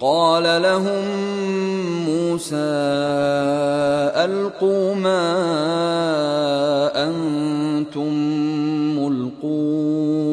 قال لهم موسى القوا ما انتم ملقون